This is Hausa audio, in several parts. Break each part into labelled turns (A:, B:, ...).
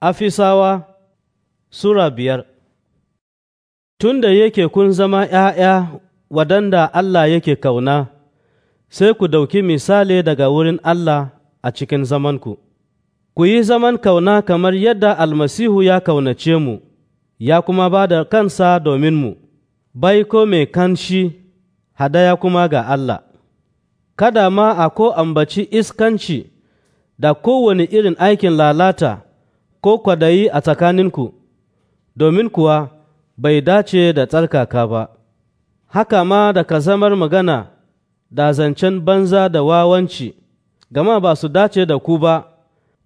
A: Afisawa Sura biyar Tun da yake kun zama ’ya'ya waɗanda Allah yake kauna, sai ku ɗauki misali daga wurin Allah a cikin zamanku, ku yi zaman kauna kamar yadda almasihu ya kaunace mu, ya kuma ba da kansa domin mu, baiko mai kanshi, hadaya kuma ga Allah. Kada ma a ko ambaci iskanci da kowane irin aikin lalata. ko kwadayi a tsakaninku, domin kuwa bai dace da tsarkaka ba, haka ma da kazamar magana da zancen banza da wawanci, gama ba su dace da ku ba,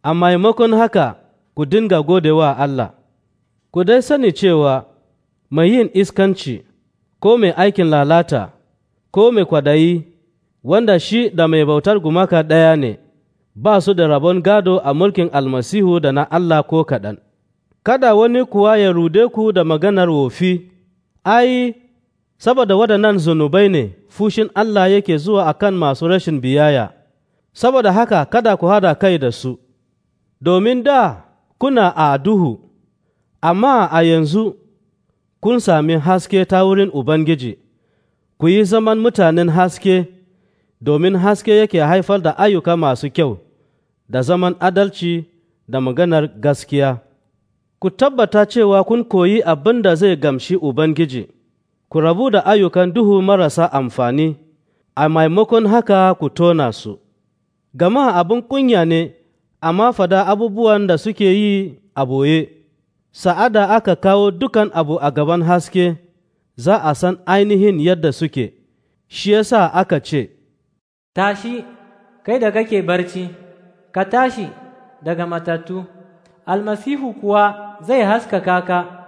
A: a maimakon haka ku dinga godewa Allah. Ku dai sani cewa mai yin iskanci ko mai aikin lalata ko mai kwadayi wanda shi da mai bautar gumaka ɗaya ne. ba su da rabon gado a mulkin almasihu da na Allah ko kaɗan. Kada wani kuwa ya rude ku da maganar wofi, ai, saboda waɗannan zunubai ne fushin Allah yake zuwa a kan masu rashin biyaya, saboda haka kada ku hada kai da su, domin da kuna a duhu, amma a yanzu kun sami haske ta wurin Ubangiji, ku yi zaman mutanen haske, domin haske yake haifar da ayyuka masu kyau. da zaman adalci da maganar gaskiya. Ku tabbata cewa kun koyi abin da zai gamshi Ubangiji, ku rabu da ayyukan duhu marasa amfani, a maimakon haka ku tona su. Gama abin kunya ne, amma fada abubuwan da suke yi a boye, sa'ada aka kawo dukan abu a gaban haske, za a san ainihin yadda suke, shi yasa aka ce, Tashi, kai da kake barci. ka tashi daga matattu almasihu kuwa zai haskaka ka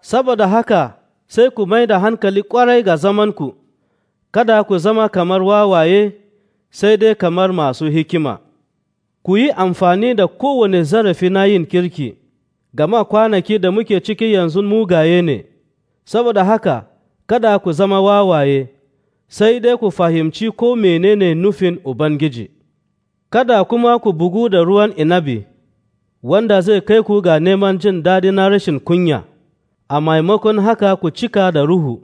A: saboda haka sai ku mai da hankali kwarai ga zamanku kada ku zama kamar wawaye sai dai kamar masu hikima ku yi amfani da kowane zarafi na yin kirki gama kwanaki da muke ciki yanzu mugaye ne saboda haka kada ku zama wawaye sai dai ku fahimci ko menene nufin ubangiji kada kuma ku bugu da ruwan inabi, wanda zai kai ku ga neman jin daɗi na rashin kunya, a maimakon haka ku cika da ruhu,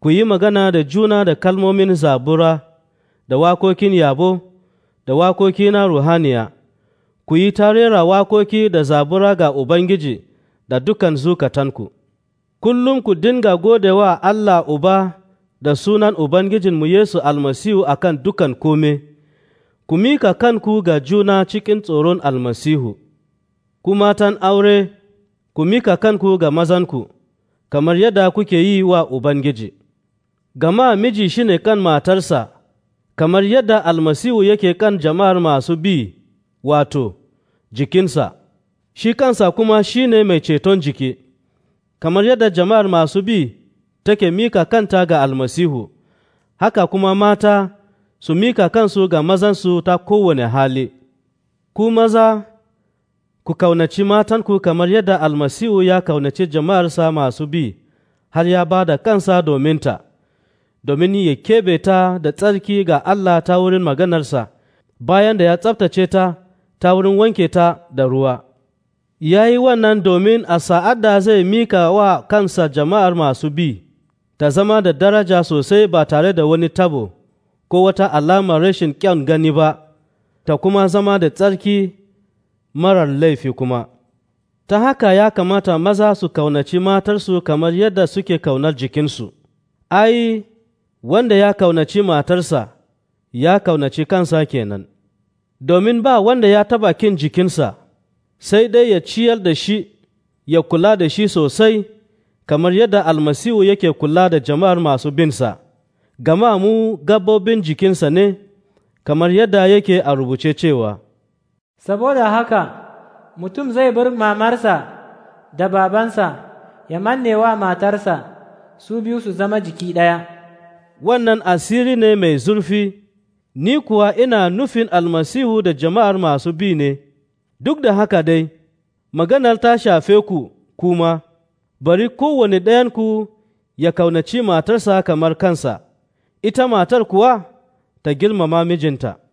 A: ku yi magana da juna da kalmomin zabura, da wakokin yabo, da wakoki na ruhaniya, ku yi tarera wakoki da zabura ga Ubangiji da dukan zukatanku. Kullum ku dinga wa Allah Uba da sunan Ubangijinmu Yesu almasihu akan dukan kome. ku mika kanku ga juna cikin tsoron almasihu, ku matan aure, ku mika kanku ga mazanku, kamar yadda kuke yi wa Ubangiji, gama miji shi ne kan matarsa, kamar yadda almasihu yake kan jama'ar masu bi, wato, jikinsa, shi kansa kuma shi ne mai ceton jiki, kamar yadda jama'ar masu bi take mika kanta ga almasihu, haka kuma mata. su mika kansu ga mazansu ta kowane hali, ku maza ku kaunaci matanku kamar yadda almasihu ya kaunaci jama'arsa masu bi har ya ba da kansa dominta, domin ya kebe ta da tsarki ga Allah ta wurin maganarsa, bayan da ya tsabtace ta ta wurin wanke ta da ruwa. Ya yi wannan domin a sa'ad da zai mika wa kansa jama'ar masu bi, ta zama da daraja sosai ba tare da wani tabo. ko wata alamar rashin kyan gani ba, ta kuma zama da tsarki marar laifi kuma. Ta haka ya kamata maza su kaunaci matarsu kamar yadda suke kaunar jikinsu. Ai, wanda ya kaunaci matarsa, ya kaunaci kansa kenan. Domin ba wanda ya taba kin jikinsa, sai dai ya ciyar da shi, ya kula da shi sosai, kamar yadda almasihu yake kula da jama'ar masu binsa. gama mu gabobin jikinsa ne, kamar yadda yake a rubuce cewa, Saboda haka, mutum zai bar mamarsa da babansa ya manne wa matarsa su biyu su zama jiki ɗaya. Wannan asiri ne mai zurfi, ni kuwa ina nufin almasihu da jama'ar masu bi ne, duk da haka dai, maganar ta shafe ku kuma, bari kowane ɗayanku ya kaunaci matarsa kamar kansa. ita matar kuwa ta girmama mijinta.